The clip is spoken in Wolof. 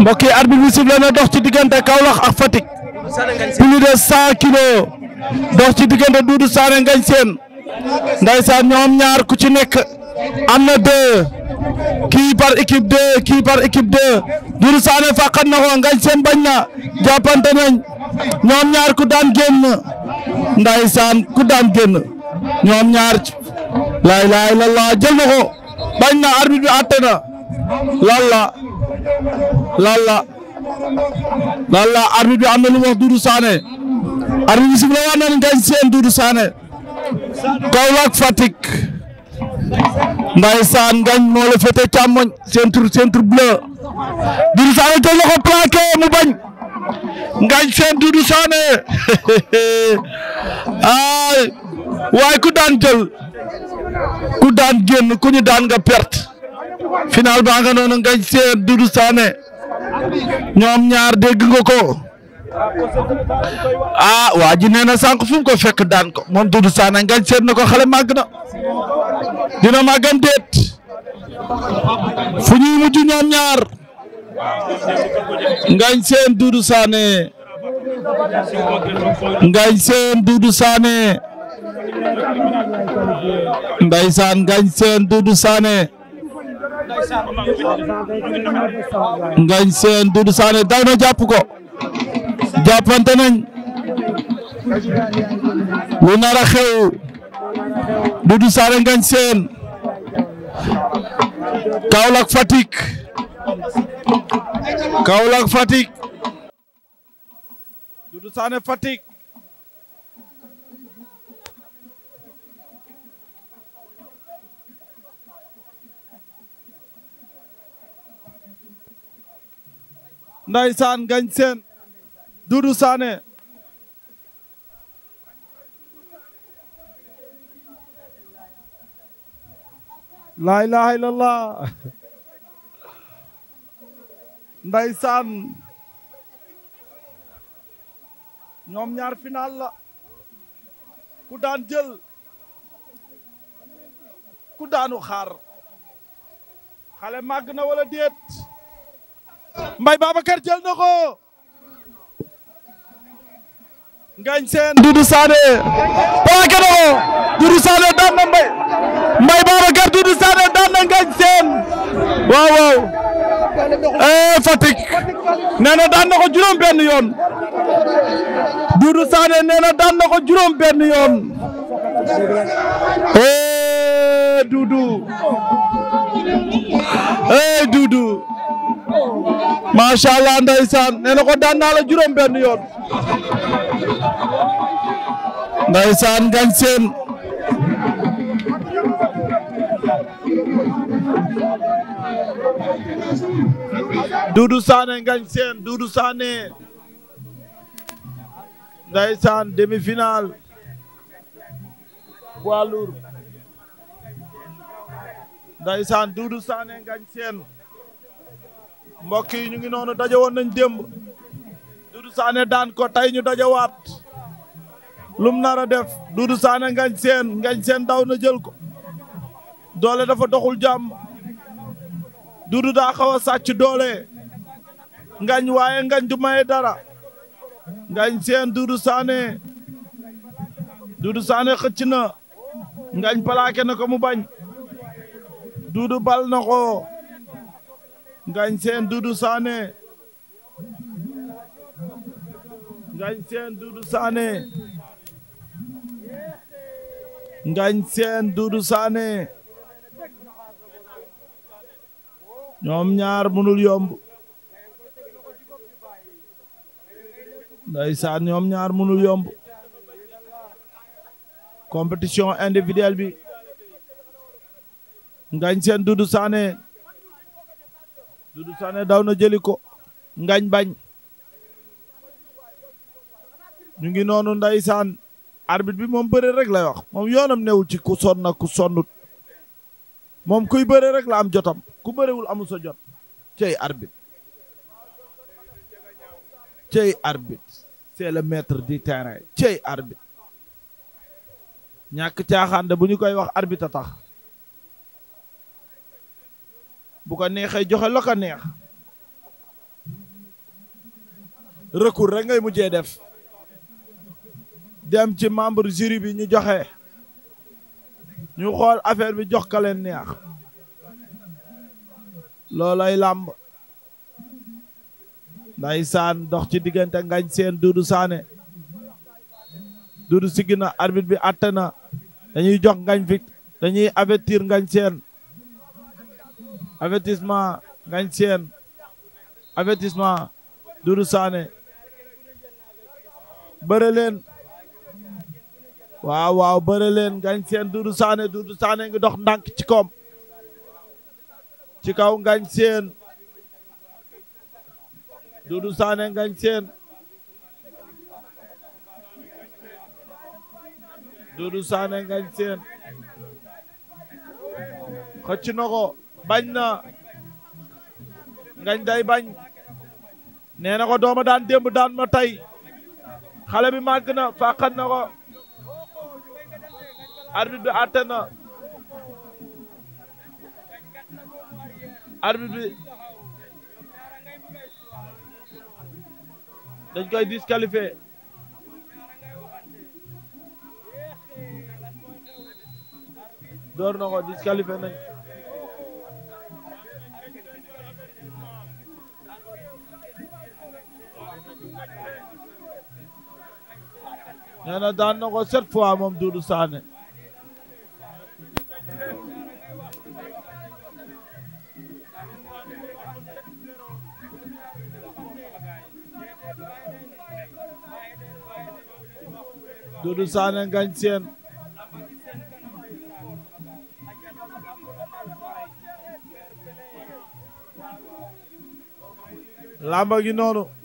mbokk yi arbitre bi sifflé na dox ci diggante Kaolack ak Fatick plus de cent kilos dox ci diggante Doudou Sané Ngagne Sène ndaysaan ñoom ñaar ku ci nekk am na deux kii par équipe deux kii par équipe deux Doudou Sané fàqat na ko bañ na jàppante nañ ñoom ñaar ku daan génn ndaysaan ku daan génn ñoom ñaar laa ilaaha illallaah jël na ko bañ na arbitre bi àtte na lan lan la lan la arbitre bi am wax Doudou Sané arbitre bi sifla waat na ngañ seen Doudou Sané Kaolack Fatick ndeysaan ngañ moo la féete càmmoñ centre centre bleu Doudou Sané teel na ko plaqué mu bañ ngañ seen Doudou Sané ay waaye ku daan jël ku daan génn ku ñu daan nga perte final ba nga noonu ngañ seen Doudou Sané ñoom ñaar dégg nga ko ah waa ji nee na sànq fu ko fekk daan ko moom Doudou Sané ngañ seen na ko xale màgg na dina màggam déet fu ñuy mujj ñoom ñaar ngañ seen Doudou Sané ngañ seen ngañ seen Doudou Sané Ngagne Sène Doudou Sané daw na jàpp ko jàppante nañ lu nar a xew Doudou Sané Ngagne Sène Kaolack Fatick ndaysaan gañ seen Doudou Sané laa ilaha illallah ndaysaan ñoom ñaar final la ku daan jël ku daanu xaar xale màgg na wala déet Mbaye Babacar jël na ko. Ngagne Sène Doudou Sané na ko Doudou Sané daan na Mbaye Mbaye Babacar Doudou Sané daan na Ngagne waaw waaw eh Fatick nee daan na ko juróom benn yoon Doudou Sané nee daan na ko juróom benn yoon eh Doudou macha allah ndeysaan ko daan naa la juróom benn yoon ndeysaan gañ seen Doudou Sané ngañ seen Doudou demi-finale poids lourd ndeysaan Doudou Sané mbokk yi ñu ngi noonu daje woon nañ démb Doudou saane daan ko tey ñu dajawaat lu nar a def Doudou Sané ngañ seen ngañ seen daw na jël ko doole dafa doxul jàmm Doudou daa xaw a sàcc doole ngañ waaye ngañ du maye dara ngañ seen Doudou saane Doudou Sané xëcc na ngañ plaqué na ko mu bañ Doudou bal na ko Ngagne Sène Doudou Sané Ngagne Sène Doudou Sané Ngagne Sène Doudou Sané ñoom ñaar mënul yomb ndeysaan ñoom ñaar mënul yomb compétition individuelle bi Ngagne seen Doudou Sané Doudou Sané daw na jëli ko ngañ bañ ñu ngi noonu ndeysaan arbitre bi moom bëre rek lay wax moom yoonam newul ci ku sonn ak ku sonnut moom kuy bëre rek la am jotam ku bërewul amul sa jot cey arbitre cey arbitre c'est le maître du terrain cey arbitre ñàkk caaxaan de bu ñu koy wax arbitre a tax bu ko neexee joxe la ko neex recours rek ngay mujjee def dem ci membre jury bi ñu joxe ñu xool affaire bi jox ka leen neex loolay làmb saan dox ci diggante ngañ seen duudu saane duudu siggi na arbitre bi àtte na dañuy jox ngañ fi dañuy avertir ngañ seen avertissement Ngagne Sène avertissement saane Sané waaw waaw bëre leen Ngagne Sène Doudou saane Doudou Sané ngi dox ndànk ci koom ci kaw Ngagne Sène Doudou Sané Ngagne Sène Doudou Sané Ngagne bañ na ngañ day bañ nee na ko dooma daan démb daan ma tey xale bi màgg na fàqat na ko arbitre bi àtte na arbitre bi dañ koy disqualifié door na ko disqualifié nañ nee daan na ko sept fois moom Doudou Sané Doudou Sané Ngagne Sène lamba gi noonu